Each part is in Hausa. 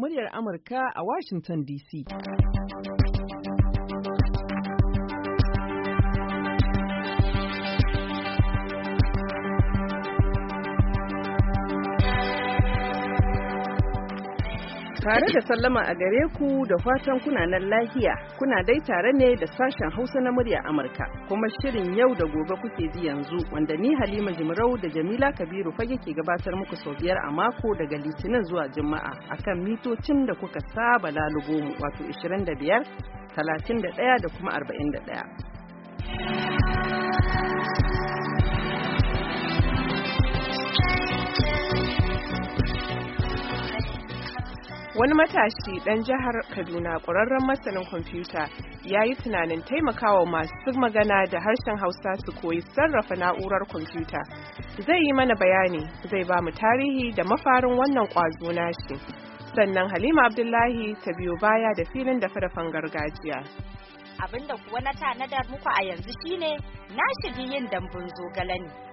muryar Amurka a Washington DC. Tare da sallama a gare ku da fatan kuna nan lahiya, kuna dai tare ne da sashen Hausa na murya Amurka, kuma shirin yau da gobe kuke ji yanzu wanda ni Halima Jimrau da Jamila Kabiru fage ke gabatar muku sau biyar a mako daga Litinin zuwa Juma'a akan mitocin da kuka saba lalubo mu wato 25, 31 da kuma 41. wani matashi dan jihar kaduna ƙwararren masanin kwamfuta ya yi tunanin taimakawa masu magana da harshen hausa su koyi sarrafa na'urar kwamfuta zai yi mana bayani zai ba mu tarihi da mafarin wannan ƙwazo nashi sannan halima abdullahi ta biyo baya da filin da farafan gargajiya abinda kuwa na tanadar muku a yanzu shine na shigi yin dambun zogale ne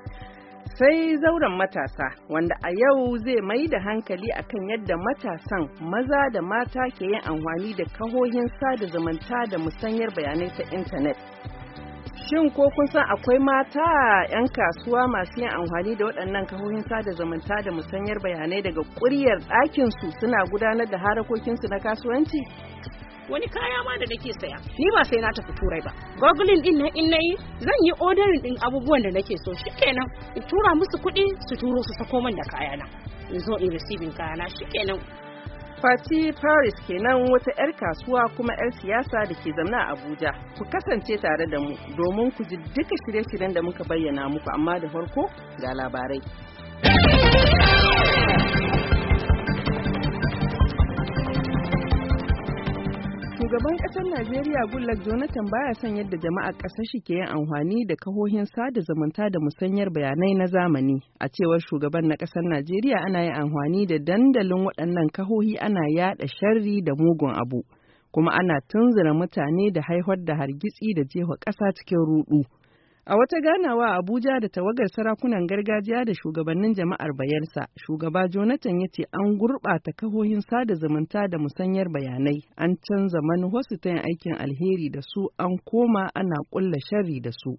sai zauren matasa wanda a yau zai mai da hankali akan yadda matasan maza da mata ke yin amfani da kahohin sada zumunta da musanyar bayanai ta intanet shin ko kun san akwai mata 'yan kasuwa masu yin amfani da waɗannan kahohin sada zumunta da musanyar bayanai daga ƙuryar ɗakinsu suna gudanar da harakokinsu na kasuwanci wani kaya ma da nake saya ni ba sai na tafi turai ba googling din nan in nayi zan yi ordering din abubuwan da nake so shikenan in tura musu kuɗi su turo su sako min da kaya na in zo in receiving kaya na shikenan Fati Paris kenan wata 'yar kasuwa kuma 'yar siyasa da ke zamna a Abuja. Ku kasance tare da mu domin ku ji duka shirye-shiryen da muka bayyana muku amma da farko ga labarai. Shugaban ƙasar Najeriya Goodluck Jonathan baya son yadda jama'a ƙasar shi ke yin amfani da kahohin sada zumunta da musanyar bayanai na zamani. A cewar shugaban na ƙasar Najeriya ana yin amfani da dandalin waɗannan kahohi ana yaɗa sharri da mugun abu, kuma ana tunzura mutane da haihuwar da hargitsi da jefa ƙasa cikin ruɗu. A wata ganawa a Abuja da tawagar sarakunan gargajiya da shugabannin jama'ar Bayelsa, shugaba Jonathan ya ce an gurɓata kahohin sada zumunta da musanyar bayanai, an canza manuwarsu ta yin aikin alheri da su an koma ana ƙulla sharri da su.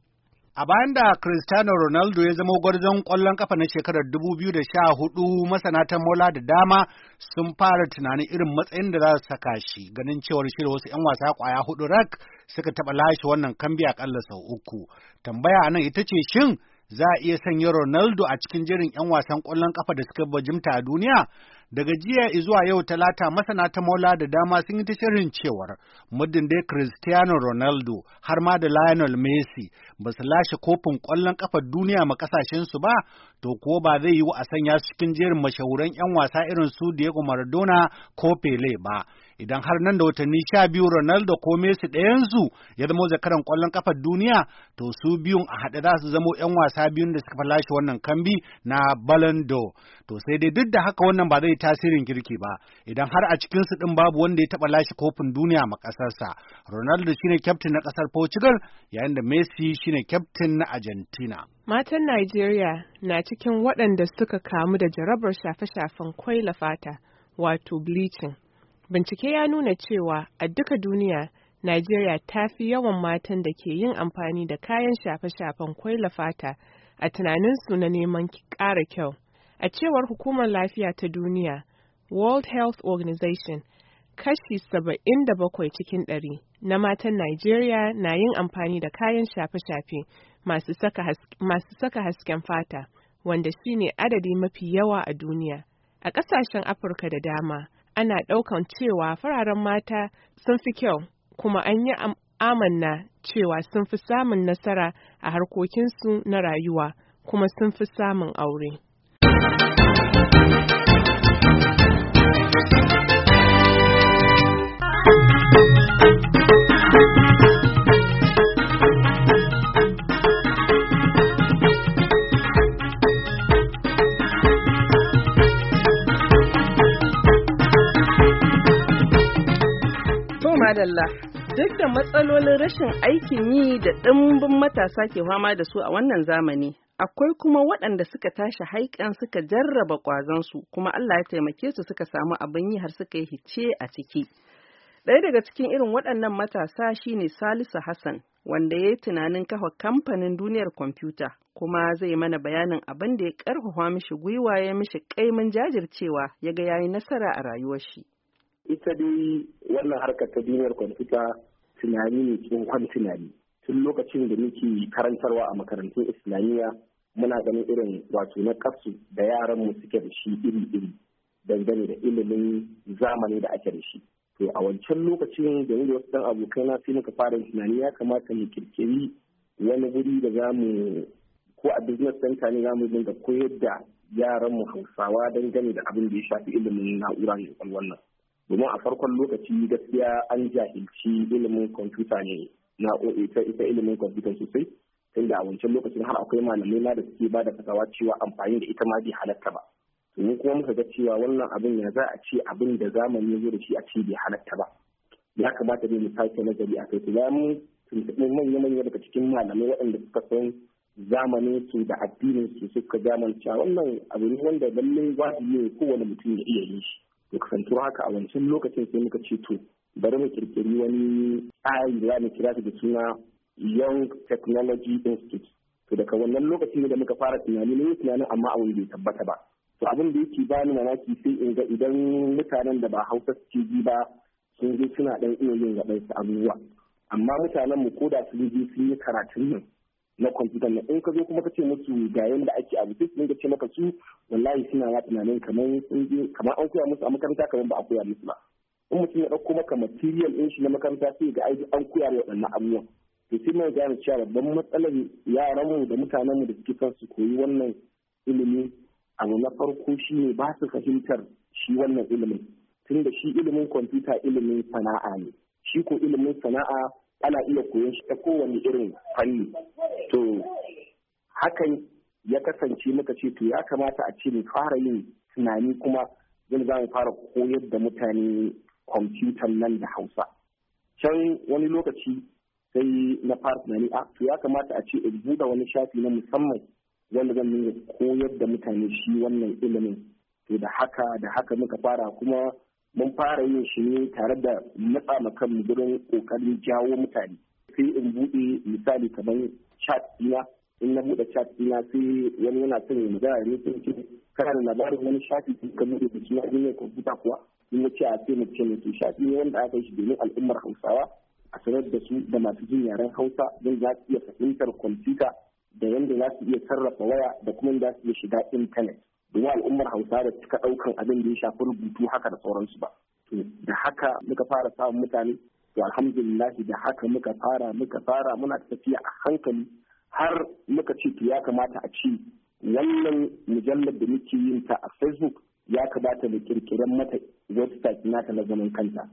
A bayan da Cristiano Ronaldo ya zama gwarzon ƙwallon kafa na shekarar 2014 masana ta mola da dama sun fara tunanin irin matsayin da za su saka shi ganin cewar shirin wasu 'yan wasa kwaya hudu rak suka taɓa lashe wannan kambi akalla sau uku. Tambaya nan ita ce shin za a iya sanya Ronaldo a cikin jirin 'yan wasan ƙwallon ƙafa da suka bajimta a duniya? Daga jiya zuwa yau talata masana ta maula da dama sun yi ta shirin cewar muddin dai Cristiano Ronaldo har ma da Lionel Messi ba su lashe kofin ƙwallon ƙafar duniya ma ƙasashensu ba, to ko ba zai yiwu a sanya su cikin jerin mashahuran 'yan wasa irin su Diego Maradona ko Pele ba. idan har nan da watanni sha biyu Ronaldo ko Messi ɗayansu ya zama zakaran ƙwallon ƙafar duniya to su biyun a haɗe za su zamo 'yan wasa biyun da suka falashe wannan kambi na Ballon d'Or. To sai dai duk da haka wannan ba zai tasirin girki ba idan har a cikin su ɗin babu wanda ya taɓa lashe kofin duniya ma ƙasarsa. Ronaldo shine kyaftin na ƙasar Portugal yayin da Messi shine kyaftin na Argentina. Matan Najeriya na cikin waɗanda suka kamu da jarabar shafe-shafen kwaila fata, wato bleaching. Bincike ya nuna cewa a duka duniya, Najeriya ta fi yawan matan da ke yin amfani da kayan shafe-shafen kwaila fata a tunaninsu na neman ƙara kyau. A cewar Hukumar Lafiya ta Duniya, World Health Organization, kashi saba'in da bakwai cikin ɗari na matan Najeriya na yin amfani da kayan shafe-shafe masu saka hasken fata, wanda shine adadi mafi yawa a duniya. A ƙasashen Afirka da dama, ana ɗaukan cewa fararen mata sun fi kyau kuma an yi amanna cewa sun fi samun nasara a harkokinsu na rayuwa kuma sun fi samun aure. madalla. Duk da matsalolin rashin aikin yi da ɗimbin matasa ke fama da su a wannan zamani, akwai kuma waɗanda suka tashi haikan suka jarraba ƙwazansu, kuma Allah ya taimake su suka samu abin yi har suka yi hice a ciki. Ɗaya daga cikin irin waɗannan matasa shine Salisu Hassan, wanda ya yi tunanin kafa kamfanin duniyar kwamfuta, kuma zai mana bayanin abin da ya ƙarfafa mishi gwiwa ya mishi ƙaimin jajircewa ya ga yayi nasara a rayuwar shi. ita dai wannan harkar ta duniyar kwamfuta tunani ne tsohon tunani tun lokacin da muke karantarwa a makarantun islamiyya muna ganin irin wato na kasu da yaran mu suke da shi iri-iri dangane da ilimin zamani da ake da shi to a wancan lokacin da da wasu dan abokai na sai muka fara tunani ya kamata mu kirkiri wani guri da za mu ko a business center ne za mu dinga koyar da yaran mu hausawa dangane da abin da ya shafi ilimin na'ura ne kwakwalwar nan domin a farkon lokaci gaskiya an jahilci ilimin kwamfuta ne na ita ita ilimin kwamfuta sosai tunda a wancan lokacin har akwai malamai na da suke ba da fasawa cewa amfani da ita ma bai halatta ba domin kuma muka ga cewa wannan abin ya za a ce abin da zamani ya da shi a ce bai halatta ba ya kamata ne mu sake nazari a kai kuma mu tuntuɓi manya-manya daga cikin malamai waɗanda suka san zamanin su da addinin su suka zamanta wannan abu ne wanda lallai wajibi ne kowane mutum ya iya yin shi ya kasance haka a wancan lokacin sai muka ce to bari mu kirkiri wani tsari da mu kira da suna young technology institute to daga wannan lokacin da muka fara tunani ne tunanin amma abin bai tabbata ba to abin da yake bani mamaki sai in ga idan mutanen da ba hausa suke ji ba sun je suna dan iya yin gaban su abubuwa amma mutanen mu ko da sun je sun yi karatun nan na kwamfuta na in ka zo kuma ka ce musu ga yadda ake abu sai sun dinga ce maka su wallahi suna ya tunanin kamar sun je kamar an koya musu a makaranta kamar ba a koya musu ba in mutum ya ɗauko maka material ɗin shi na makaranta sai ga aiki an koya da waɗannan abubuwan to sai mai gane cewa babban matsalar yaranmu da mutanenmu da suke son su koyi wannan ilimi abu na farko shi ne ba su fahimtar shi wannan ilimin tunda shi ilimin kwamfuta ilimin sana'a ne shi ko ilimin sana'a ana iya koyon shi ta kowane irin fanni to hakan ya kasance muka ce to ya kamata a ce mu fara yin tunani kuma yanzu za mu fara koyar da mutane kwamfutan nan da hausa can wani lokaci sai na fara tunani a ah, to ya kamata a ce in buɗe wani shafi na musamman wanda zan koyar da mutane shi wannan ilimin to da haka da haka muka fara kuma mun fara yin shi ne tare da matsa ma kanmu gurin kokarin jawo mutane sai in buɗe misali kamar chat ɗina in na buɗe chat ɗina sai wani yana son ya magana ne sai ce kana da labarin wani shafi sun ka buɗe da suna ne kwamfuta kuwa in na ce a sai mace ne to shafi ne wanda aka yi shi domin al'ummar hausawa a sanar da su da masu jin yaren hausa don za su iya fahimtar kwamfuta da yadda za su iya sarrafa waya da kuma za su iya shiga intanet domin al'ummar hausa da suka ɗaukan abin da ya shafi rubutu haka da sauransu ba da haka muka fara samun mutane to alhamdulillah da haka muka fara muka fara muna tafiya a hankali har muka ce to ya kamata a ci wannan mujallar da muke yin ta a facebook ya kamata da kirkiren mata website nata na zaman kanta.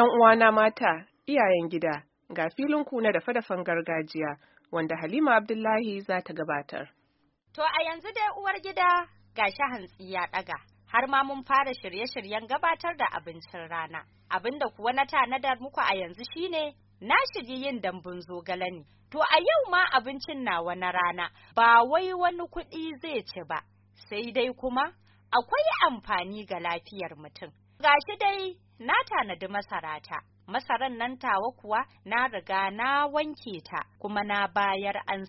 ‘Yan uwana mata, iyayen gida, ga filin ku na dafe-dafen gargajiya wanda Halima Abdullahi za ta gabatar. To a yanzu dai uwar gida ga shi hantsi ya ɗaga, har ma mun fara shirye-shiryen gabatar da abincin rana. abin da kuwa na tanadar muku a yanzu shine na shirye yin dambun zogale ne. To a yau ma abincin nawa na rana ba wai wani kuɗi zai ci ba, sai dai kuma akwai amfani ga lafiyar mutum. Gashi dai na tanadi masara ta. masaran nan tawa kuwa na riga na wanke ta kuma na bayar an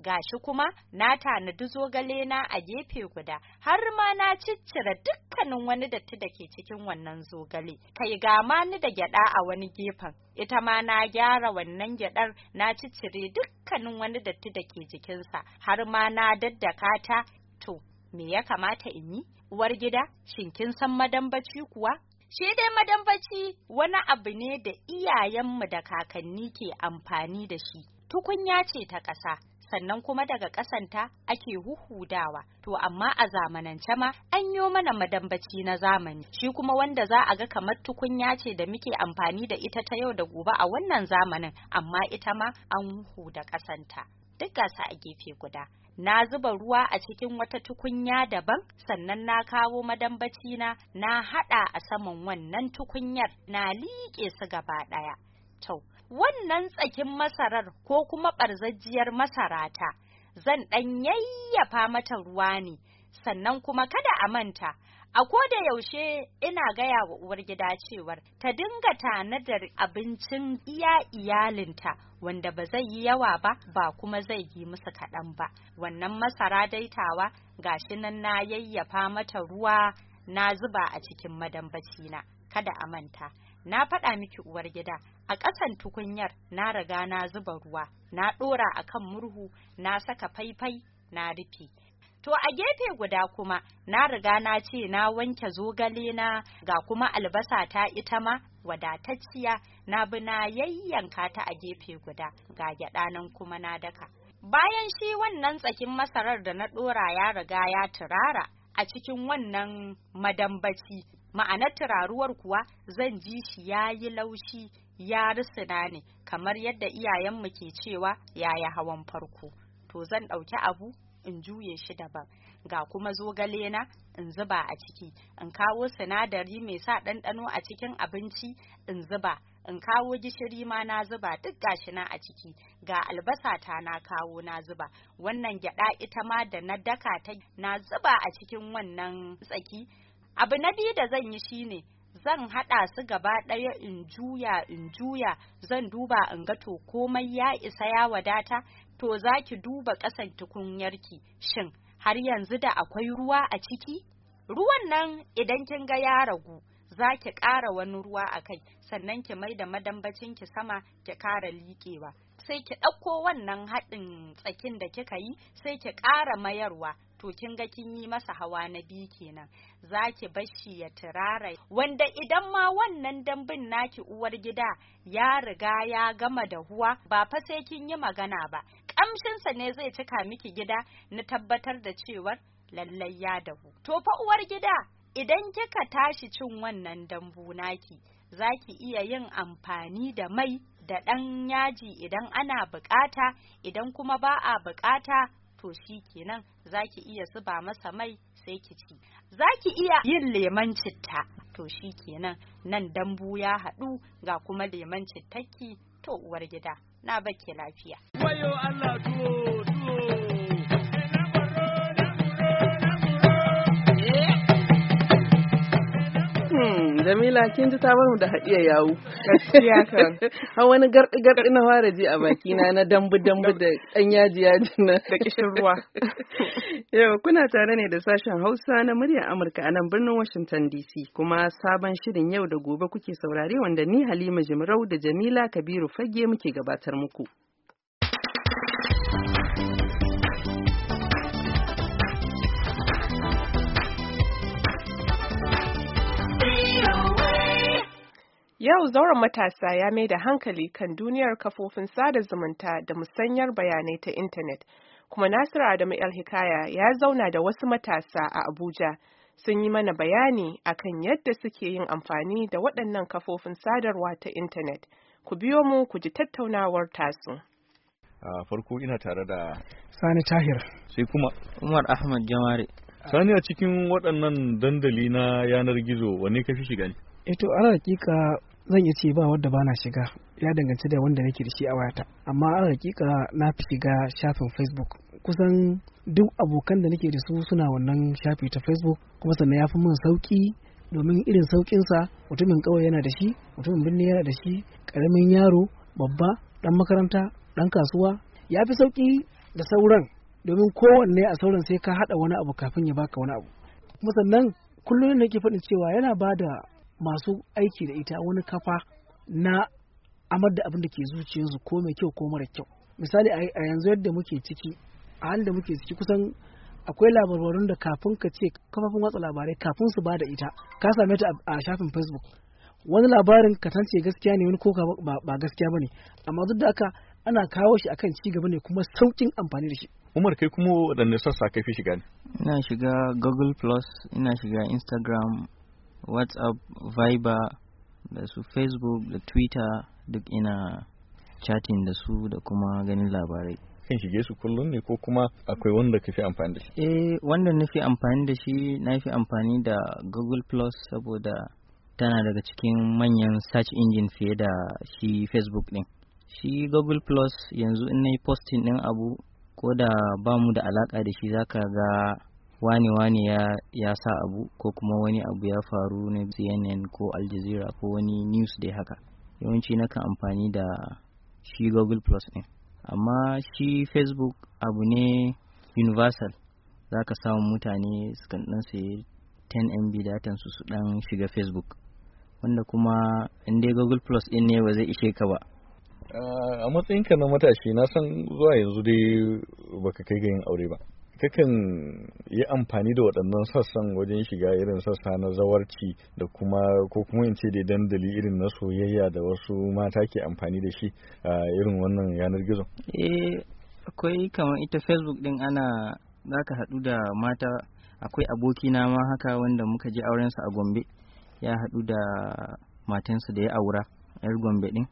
Ga shi kuma na tanadi zogale na a gefe guda har ma na ciccire dukkanin wani datti da ke cikin wannan zogale kai ga ma ni da gyada a wani gefen ita ma na gyara wannan gyadar na ciccire dukkanin wani datti da ke jikinsa har ma na daddaka ta to me ya kamata in yi uwar gida shin kin san madambaci kuwa Shi dai madambaci wani abu ne da iyayenmu da kakanni ke amfani da shi, tukunya ce ta ƙasa, sannan kuma daga ƙasanta ake huhudawa. To amma a zamanance ma an yo mana madambaci na zamani, shi kuma wanda za a ga kamar tukunya ce da muke amfani da ita ta yau da gobe a wannan zamanin, amma ita ma an huhu da ƙasanta. Duk gasa a gefe guda. na zuba ruwa a cikin wata tukunya daban sannan na kawo madambaci na na haɗa a saman wannan tukunyar na liƙe su gaba ɗaya. To, wannan tsakin masarar ko kuma ɓarzajiyar masarata zan ɗan yayyafa mata ruwa ne, sannan kuma kada a manta A ko da yaushe ina gaya wa uwar gida cewar ta dinga tanadar abincin iya iyalinta wanda ba zai yi yawa ba ba kuma zai yi musu kaɗan ba. Wannan masara daitawa gashi nan na yayyafa mata ruwa na zuba a cikin madambacina kada a manta. Na faɗa miki uwar gida a ƙasan tukunyar na riga na zuba ruwa na ɗora a kan murhu na saka faifai na rufe. To a gefe guda kuma na riga na ce na wanke zogale na ga kuma albasa ta ita ma wadatacciya na bi na yayyanka ta a gefe guda ga gyaɗa nan kuma na daka. Bayan shi wannan tsakin masarar da na ɗora ya riga ya turara a cikin wannan madambaci ma'ana turaruwar kuwa zan ji shi ya yi laushi ya risina ne kamar yadda iyayenmu ke cewa yaya hawan farko. To zan ɗauki abu in juye shi daban ga kuma zogale na in zuba a ciki in kawo sinadari mai sa ɗanɗano a cikin abinci in zuba in kawo gishiri ma na zuba duk gashi na a ciki ga albasa ta na kawo na zuba wannan gyada ita ma da na daka ta na zuba a cikin wannan tsaki abu na biyu da zan yi shine zan haɗa su gaba ɗaya in juya in juya zan duba in ga to komai ya isa ya wadata to za ki duba ƙasan tukunyarki shin har yanzu da akwai ruwa a ciki ruwan nan idan kin ga ya ragu za ki ƙara wani ruwa a kai sannan ki mai da madambacin ki sama ki ƙara liƙewa sai ki ɗauko wannan haɗin tsakin da kika yi sai ki ƙara mayarwa to kin ga kin yi masa hawa na biyu kenan za ki bashi ya turara wanda idan ma wannan dambin naki uwar gida ya riga ya gama da huwa ba fa sai kin yi magana ba kamshinsa ne zai cika miki gida na tabbatar da cewar lallai ya dahu to fa uwar gida idan kika tashi cin wannan dambu naki zaki iya yin amfani da mai da ɗan yaji idan ana bukata idan kuma ba a bukata to shi kenan zaki iya zuba masa mai sai ki ci zaki iya yin lemon citta to shi kenan nan dambu ya haɗu ga kuma lemon cittakki to uwar gida na bakke lafiya. Wayo Allah tuwo tuwo. Jamila kin ji ta bar mu da haɗiya yawo. Gaskiya kan. Har wani garɗi garɗi na fara ji a baki na na dambu dambu da ɗan yaji yaji na. Da kishin ruwa. Yau kuna tare ne da sashen Hausa na muryar Amurka a nan birnin Washington DC kuma sabon shirin yau da gobe kuke saurare wanda ni Halima Jimarau da Jamila Kabiru Fage muke gabatar muku. Yau zauren matasa ya mai da hankali kan duniyar kafofin sada zumunta da musanyar bayanai ta intanet, kuma Nasiru Adamu El-Hikaya ya zauna da wasu matasa a Abuja sun yi mana bayani akan yadda suke yin amfani da waɗannan kafofin sadarwa ta intanet. Ku biyo mu ku ji tattaunawar tasu. A farko ina tare da Sani Tahir. Sai kuma Umar Ahmad Jamare. Sani a cikin waɗannan dandali na yanar gizo wanne ka fi shiga ne? eto eh ana hakika zan iya ce ba wadda na shiga ya danganci da wanda nake da shi a wayata amma a hakika na fi shiga shafin facebook kusan duk abokan da nake da su suna wannan shafi ta facebook kuma sannan ya fi min sauki domin irin saukinsa mutumin kawai yana da shi mutumin birni yana da shi karamin yaro babba dan makaranta dan kasuwa ya fi sauki da sauran domin kowanne a sauran sai ka hada wani abu kafin ya baka wani abu kuma sannan kullum nake faɗin cewa yana bada. masu aiki da ita wani kafa na amar da abin da ke zuciyarsu ko mai kyau ko mara kyau misali a yanzu yadda muke ciki a halin muke ciki kusan akwai labarun da kafin ka ce kafafin watsa labarai kafin su ba da ita ka same ta a shafin facebook wani labarin ka tance gaskiya ne wani ko ba gaskiya bane amma duk da haka ana kawo shi akan ci gaba ne kuma saukin amfani da shi Umar kai kuma waɗanne sassa kai fi shiga ne ina shiga Google Plus ina shiga Instagram whatsapp viber da su facebook da twitter duk ina chatin da su da kuma ganin labarai kan shige su kullum ne ko kuma akwai wanda ka fi amfani da shi eh wanda na fi amfani da shi na fi amfani da google plus saboda tana daga cikin manyan search engine fiye da shi facebook din shi google plus yanzu in na yi posting din abu ko da ba mu da alaka da shi zaka ga wani wani ya ya sa abu ko kuma wani abu ya faru na CNN ko Al Jazeera ko wani news dai haka yawanci na kan amfani da shi Google Plus ne amma shi Facebook abu ne universal za ka samu mutane su kan ɗan sai 10 MB datan su su dan shiga Facebook wanda kuma in dai Google Plus din ne ba zai ishe ka ba a matsayinka na matashi na san zuwa yanzu dai baka kai ga yin aure ba kakan yi amfani da waɗannan sassan wajen shiga irin sassa na zawarci da kuma ko kuma in ce da dandali irin na soyayya da wasu mata ke amfani da shi a irin wannan yanar gizo eh akwai kamar ita facebook din ana za ka haɗu da mata akwai abokina ma haka wanda muka je aurensa a gombe ya haɗu da matansa da ya aura yar gombe din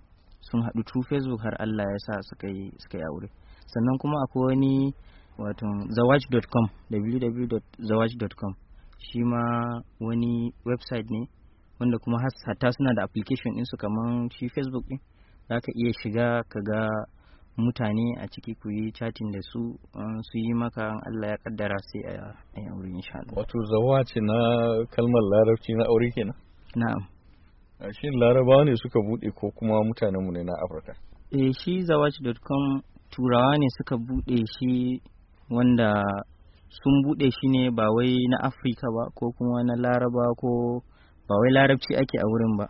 sun haɗu tu facebook har allah ya sa suka yi aure sannan kuma akwai wani wato zawaj.com www.zawaj.com shi ma wani website ne wanda kuma hatta suna da application ɗinsu kamar shi facebook ɗin za ka iya shiga ka ga mutane a ciki ku yi chatin da su su yi maka an Allah ya kaddara sai a yi aure insha Allah. Wato zawa ce na kalmar larabci na aure kenan? Na'am. Shin larabawa ne suka bude ko kuma mutanen mu ne na Afirka? Eh shi zawaci.com turawa ne suka bude shi wanda sun bude shi ne ba wai na afirka ba ko kuma na laraba ko ba wai larabci ake a wurin ba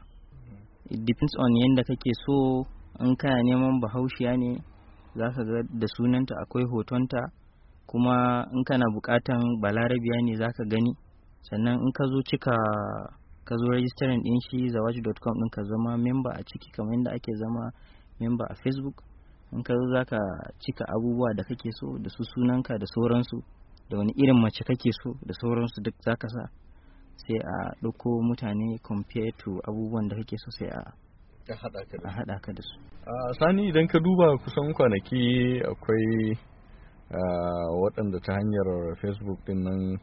it depends on yadda kake so in kana neman bahaushiya ne za ka ga da sunanta akwai hotonta kuma in bukatan ba balarabiya ne za ka gani sannan in ka zo cika ka zo rajistarin ɗin shi zawaji.com ɗin ka zama memba a ciki kamar yadda ake zama memba a facebook in ka za ka cika abubuwa da kake so da su sunanka da sauransu da wani irin mace kake so da sauransu duk za ka sa sai a ɗauko mutane compare to abubuwan da kake so sai a haɗa ka da su sani idan ka duba kusan kwanaki akwai waɗanda ta hanyar facebook din nan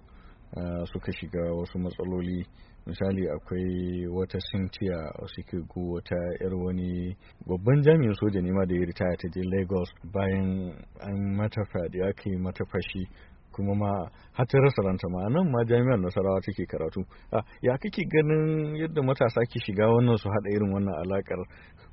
suka shiga wasu matsaloli misali akwai wata cynthia osikegu wata yar wani babban jami'in soja ne ma da ya ritaya ta je lagos bayan an mata fadi aka yi mata fashi kuma ma har rasa ranta ma nan ma jami'ar nasarawa take karatu ah, ya kake ganin yadda matasa ke shiga wannan su haɗa irin wannan alakar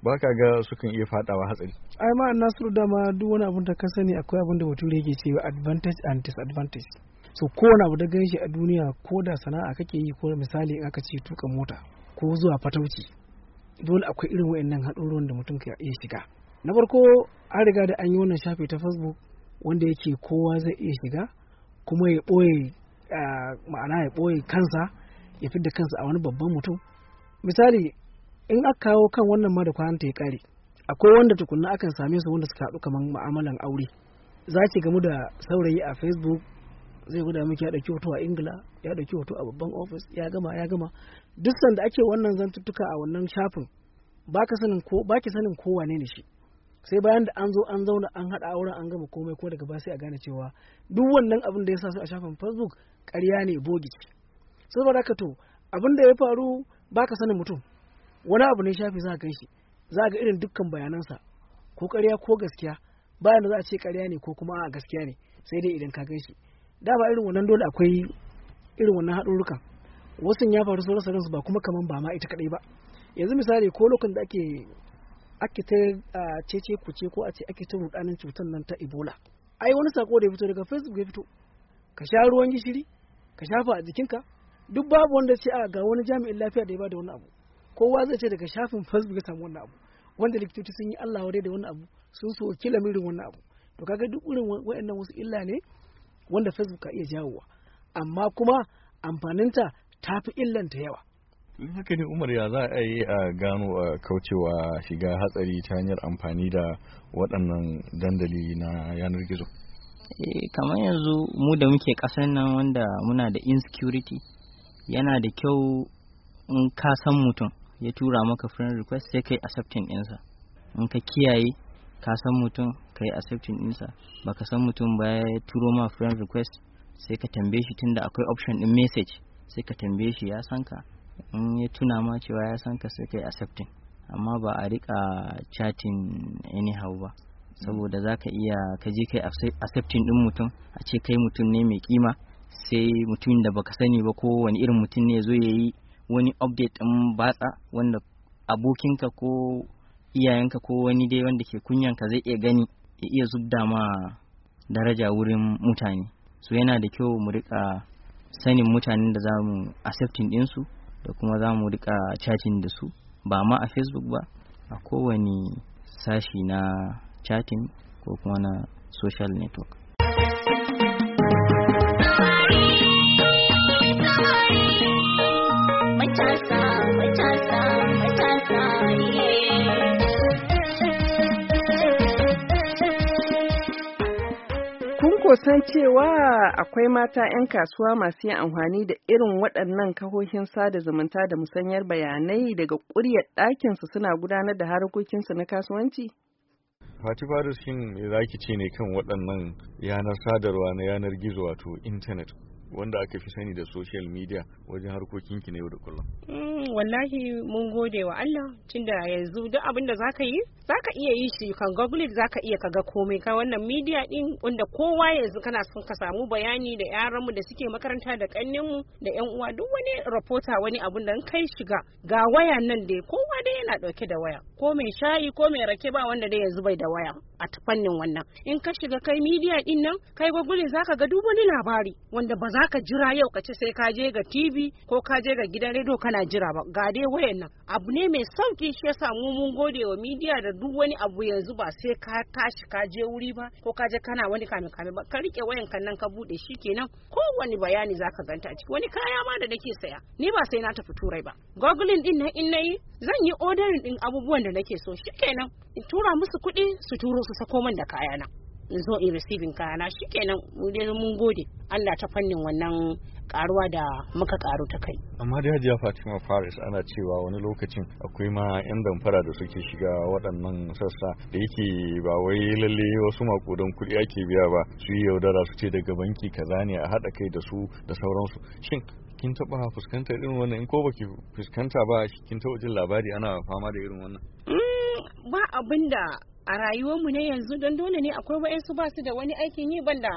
ba ka ga sukan iya fadawa hatsari ai ma nasiru dama duk wani abin da ka sani akwai abin da bature yake cewa advantage and disadvantage so kowane abu da gan a duniya ko da sana'a kake yi ko misali in aka ce tuka mota ko zuwa fatauci dole akwai irin wa'annan haɗurran da mutum ka iya shiga na farko an riga da an yi wannan shafi ta facebook wanda yake kowa zai iya shiga kuma ya ɓoye ma'ana ya ɓoye kansa ya fidda kansa a wani babban mutum misali in aka kawo kan wannan ma da kwanan ya kare akwai wanda tukunna akan same su wanda suka haɗu kamar ma'amalan aure za ki gamu da saurayi a facebook zai guda miki ya dauki hoto a ingila ya dauki hoto a babban ofis ya gama ya gama duk sanda ake wannan zantuttuka a wannan shafin baka sanin ko baki sanin ko wane ne shi sai bayan da an zo an zauna an hada auren an gama komai ko daga ba sai a gane cewa duk wannan abin da ya sa su a shafin facebook ƙarya ne bogi saboda haka to abin da ya faru baka sanin mutum wani abu ne shafi za ka shi za ga irin dukkan bayanansa ko ƙarya ko gaskiya bayan da za a ce ƙarya ne ko kuma a gaskiya ne sai dai idan ka gan shi da ba irin wannan dole akwai irin wannan haɗurruka wasu ya faru sauransu ransu ba kuma kaman ba ma ita kaɗai ba yanzu misali ko lokacin da ake ake ta cece kuce ko a ce ake ta rudanin cutar nan ta ebola ai wani sako da ya fito daga facebook ya fito ka sha ruwan gishiri ka shafa a jikinka duk babu wanda ce a ga wani jami'in lafiya da ya da wani abu kowa zai ce daga shafin facebook ya samu wannan abu wanda likitoci sun yi allah wadai da wani abu sun so kilamirin wannan abu to kaga duk irin waɗannan wasu illa ne wanda facebook ka iya jawowa amma kuma amfaninta ta fi illanta yawa haka ne umar ya za a yi a gano a kaucewa shiga hatsari ta hanyar amfani da waɗannan dandali na yanar gizo eh, kamar yanzu mu da muke ƙasar nan wanda muna da insecurity yana da kyau in ka san mutum ya tura maka friend request sai kai accepting ɗinsa in ka kiyaye ka san mutum kai accepting insa baka san mutum ba ya turo ma friend request sai ka tambaye shi tunda akwai option din message sai ka tambaye shi ya san ka in ya tuna ma cewa ya san ka sai kai yi accepting amma ba a rika chatting anyhow ba saboda za ka iya ka je kai accepting ɗin mutum a ce kai mutum ne mai kima sai mutum da baka sani ba ko wani irin mutum ne ya zo ya yi wani update ɗin batsa wanda abokinka ko iyayenka ko wani dai wanda ke kunyanka zai iya gani ya iya zubda ma daraja wurin mutane so yana da kyau mu rika sanin mutanen da za mu accepting ɗinsu da kuma za mu rika chatting da su ba ma a facebook ba a kowane sashi na chatting ko kuma na social network san cewa akwai mata 'yan kasuwa masu yin amfani da irin waɗannan kahohin sada zumunta da musanyar bayanai daga ƙuryar ɗakinsu suna gudanar da harkokinsu na kasuwanci? Fati Faris shin me za ce ne kan waɗannan yanar sadarwa na yanar gizo wato intanet wanda aka fi sani da social media wajen harkokin ki na yau da kullum mm, wallahi mun gode wa Allah da yanzu duk abin da zaka yi zaka iya yi shi kan google zaka iya kaga komai ka wannan media din wanda kowa yanzu kana son ka samu bayani da yaranmu da suke makaranta da kannin mu da yan uwa duk wani reporter wani abun da kai shiga ga waya nan dai kowa dai yana dauke da waya ko mai shayi ko mai rake ba wanda dai yanzu bai da waya a fannin wannan in ka shiga kai media din nan kai google zaka ga duk wani labari wanda ba za ka jira yau ka ce sai ka je ga tv ko ka je ga gidan rediyo kana jira ba ga dai wayan nan abu ne mai sauki shi yasa mu mun gode wa media da duk wani abu yanzu ba sai ka tashi ka je wuri ba ko ka je kana wani kame kame ba ka rike wayan kan nan ka bude shi kenan ko wani bayani zaka ganta a ciki wani kaya ma da nake saya ni ba sai na tafi turai ba googling din nan in nayi zan yi ordering din abubuwan da nake so shi kenan in tura musu kuɗi su turo su sako min da kayana in zo in receiving kayana shikenan mu dai mun gode Allah ta fannin wannan karuwa da muka karu ta kai amma da hajiya fatima faris ana cewa wani lokacin akwai ma yan damfara da suke shiga waɗannan sassa da yake ba wai lalle wasu makudan kuɗi ake biya ba su yi yaudara su ce daga banki kaza ne a haɗa kai da su da sauransu shin kin taɓa fuskantar irin wannan in ko baki fuskanta ba kin taɓa jin labari ana fama da irin wannan mm, ba abinda. a rayuwar mu ne yanzu don dole ne akwai wa'yansu ba su da wani aikin yi banda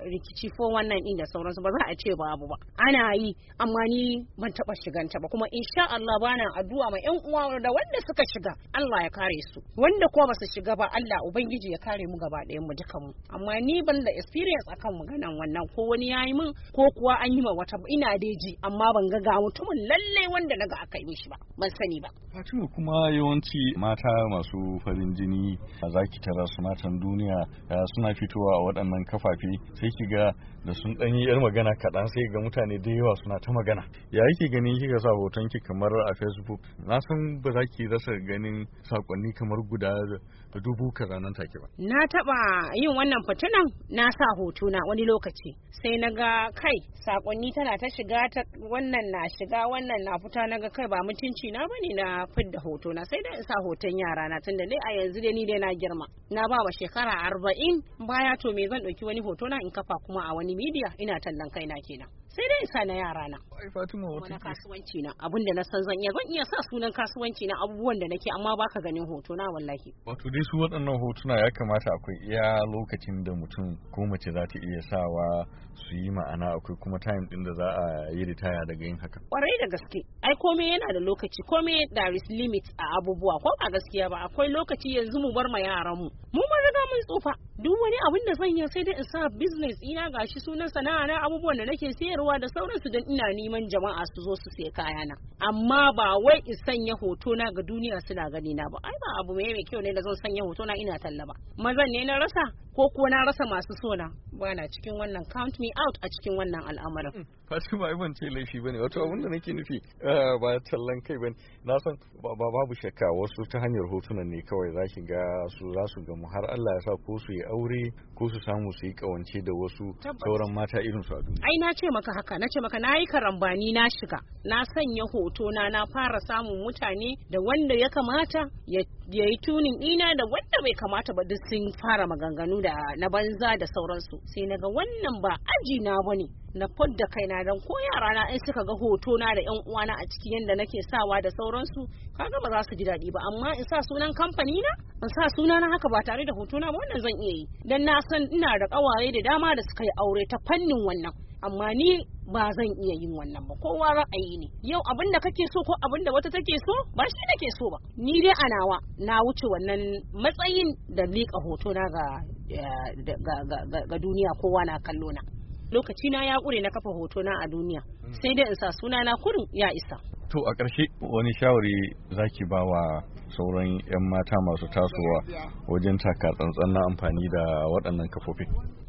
rikici ko wannan din da sauransu ba za a ce babu ba ana yi amma ni ban taba shiganta ba kuma insha Allah bana addu'a ma yan uwa da wanda suka shiga Allah ya kare su wanda kuma ba su shiga ba Allah ubangiji ya kare mu gaba ɗayan mu duka mu amma ni ban da experience akan maganan wannan ko wani yayi min ko kuwa an yi ma wata ina deji ji amma ban ga ga mutumin lalle wanda naga aka yi mishi ba ban sani ba Fatima kuma yawanci mata masu farin jini za ki tara sunatan duniya suna fitowa a waɗannan kafafe sai ki ga da sun ɗan yi yar magana kaɗan sai ga mutane da yawa suna ta magana ya yake ganin kika sa hoton ki kamar a facebook na san ba za ki rasa ganin sakonni kamar guda da dubu kaza nan take ba na taɓa yin wannan fitinan na sa hoto na wani lokaci sai na ga kai sakonni tana ta shiga ta wannan na shiga wannan na fita na ga kai ba mutunci na bane na fidda hoto na sai da in sa hoton yara na tunda dai a yanzu dai ni dai na girma na ba wa shekara arba'in baya to me zan ɗauki wani hoto na in kafa kuma a wani media ina tallan kaina kenan sai dai sa na yara na ai fatima wata kasuwanci na abinda na san zan iya zan iya sa sunan kasuwanci na abubuwan da nake amma baka ganin hoto na wallahi wato dai su waɗannan hotuna ya kamata akwai iya lokacin da mutum ko mace za ta iya sawa su yi ma'ana akwai kuma time din da za a yi ritaya daga yin haka kwarai da gaske ai komai yana da lokaci komai da is limit a abubuwa ko ba gaskiya ba akwai lokaci yanzu mu bar ma yaran mu mu mun riga mun tsufa duk wani abin da zan yi sai dai in sa business ina gashi sunan sana'a na abubuwan da nake sayarwa ruwa da sauransu don ina neman jama'a su zo su sai kayana amma ba wai in sanya hoto na ga duniya suna gani na ba ai ba abu mai mai kyau ne da zan sanya hoto na ina talla ba mazan ne na rasa ko ko na rasa masu sona bana cikin wannan count me out a cikin wannan al'amarin hmm, Fatima ai iman ce laifi bane wato abin da nake nufi eh, ba tallan kai bane na san ba babu shakka wasu ta hanyar hotunan ne kawai za ki ga su za su gamu har Allah ya sa ko su yi aure ko su samu su yi kawance da wasu sauran mata irin su a duniya ai na ce maka haka na ce maka na yi karambani na shiga na sanya hoto na na fara samun mutane da wanda ya kamata ya yi tunin ina da wanda bai kamata ba duk sun fara maganganu da na banza da sauransu sai na ga wannan ba aji na bane na fadda kaina dan ko yara na in suka ga hoto na da yan uwana a cikin yadda nake sawa da sauransu kaga ba za su ji daɗi ba amma in sa sunan kamfani na in sa suna na haka ba tare da hoto na ba wannan zan iya yi dan na san ina da ƙawaye da dama da suka yi aure ta fannin wannan amma ni ba zan iya yin wannan ba kowa ra'ayi ne yau abin da kake so ko abin da wata take so ba shi nake so ba ni dai a nawa na wuce wannan matsayin da liƙa hoto na eh, ga duniya kowa na kallo na lokaci na ya ƙure na kafa hoto na a duniya hmm. sai dai in sa suna na kurin ya isa to a ƙarshe wani shawari zaki ba wa sauran 'yan mata masu tasowa wajen taka tsantsan na amfani da waɗannan kafofi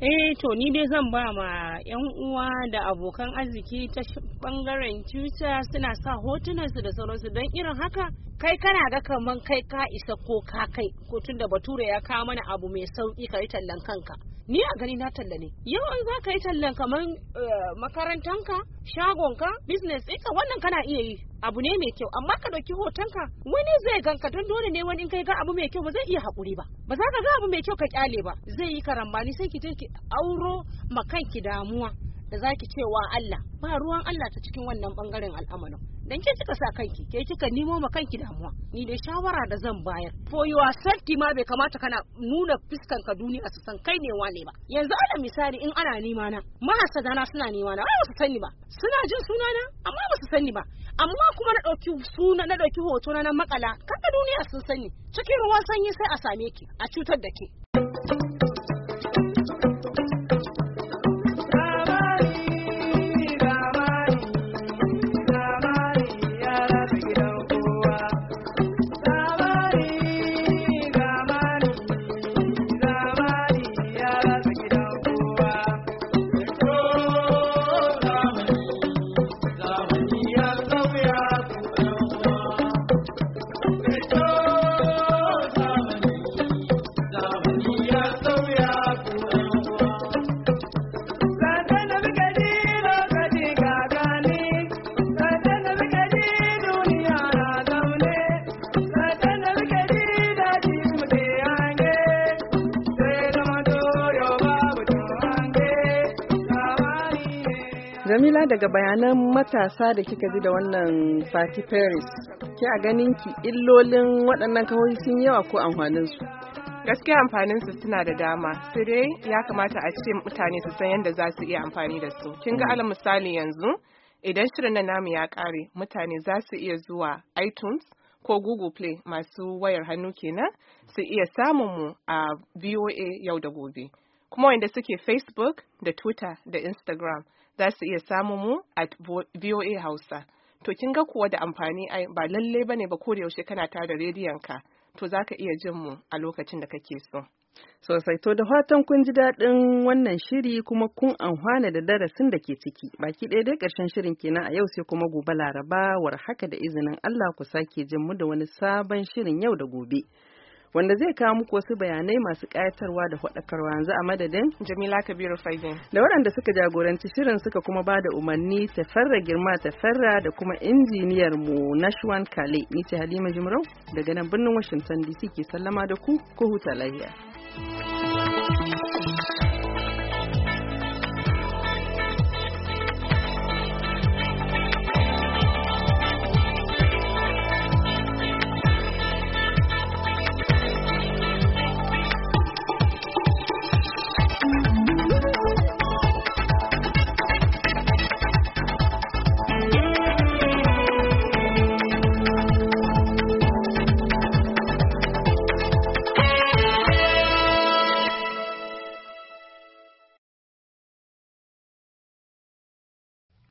Eh to ni dai zan ba ma 'yan uwa da abokan arziki ta bangaren cuta suna sa hotunansu da sauransu don irin haka kai kana ga kamar kai ka isa ko ka kai ko tunda bature ya kawo mana abu mai sauki ka yi tallan kanka ni a gani na talla ne yawan za ka yi tallan kaman eh, makarantanka shagonka business ɗinka wannan kana iya yi abu ne mai kyau amma ka ɗauki hotonka wani zai ganka don dole ne wani in kai ga abu mai kyau ba zai iya haƙuri ba ba za ka ga abu mai kyau ka kyale ba zai yi karambani sai ki je ki auro ma kanki damuwa da zaki cewa Allah ba ruwan Allah ta cikin wannan bangaren al'amarin dan ke kika sa kanki ke kika nemo ma kanki damuwa ni dai shawara da zan bayar for your safety ma bai kamata kana nuna fiskan ka duniya su san kai ne wane ba yanzu ana misali in ana nima na na suna nima na ba su sani ba suna jin sunana amma ba su sani ba amma kuma na ɗauki suna na ɗauki hoto na nan makala kaga duniya sun sani cikin ruwan sanyi sai a same ki a cutar da ke. daga bayanan matasa da kika ji da wannan Fati Paris, ke a ganin ki illolin waɗannan kawai sun yawa ko amfanin su? Gaskiya amfanin su suna da dama, Sire dai ya kamata a ce mutane su san yadda za su iya amfani da su. Kin ga mm. alal misali yanzu, idan shirin na namu ya ƙare, mutane za su iya zuwa iTunes ko Google Play masu wayar hannu kenan su iya samun mu a VOA yau da gobe. kuma wanda suke Facebook da Twitter da Instagram za su iya samu mu at VOA Hausa. To kin ga kuwa da amfani ba lalle ba ne ba ko yaushe kana tare rediyon ka to za ka iya jin mu a lokacin da kake so. Sosai to da fatan kun ji daɗin wannan shiri kuma kun amfana da darasin da ke ciki baki ɗaya dai ƙarshen shirin kenan a yau sai kuma gobe laraba war haka da izinin Allah ku sake jin mu da wani sabon shirin yau da gobe. wanda zai kawo muku wasu bayanai masu kayatarwa da faɗakarwa yanzu a madadin Jamila Kabiru Fagen. Da waɗanda suka jagoranci shirin suka kuma ba da umarni ta farra girma ta farra da kuma injiniyar mu Nashwan Kale ni ce Halima Jimrau daga nan birnin Washington DC ke sallama da ku ko huta you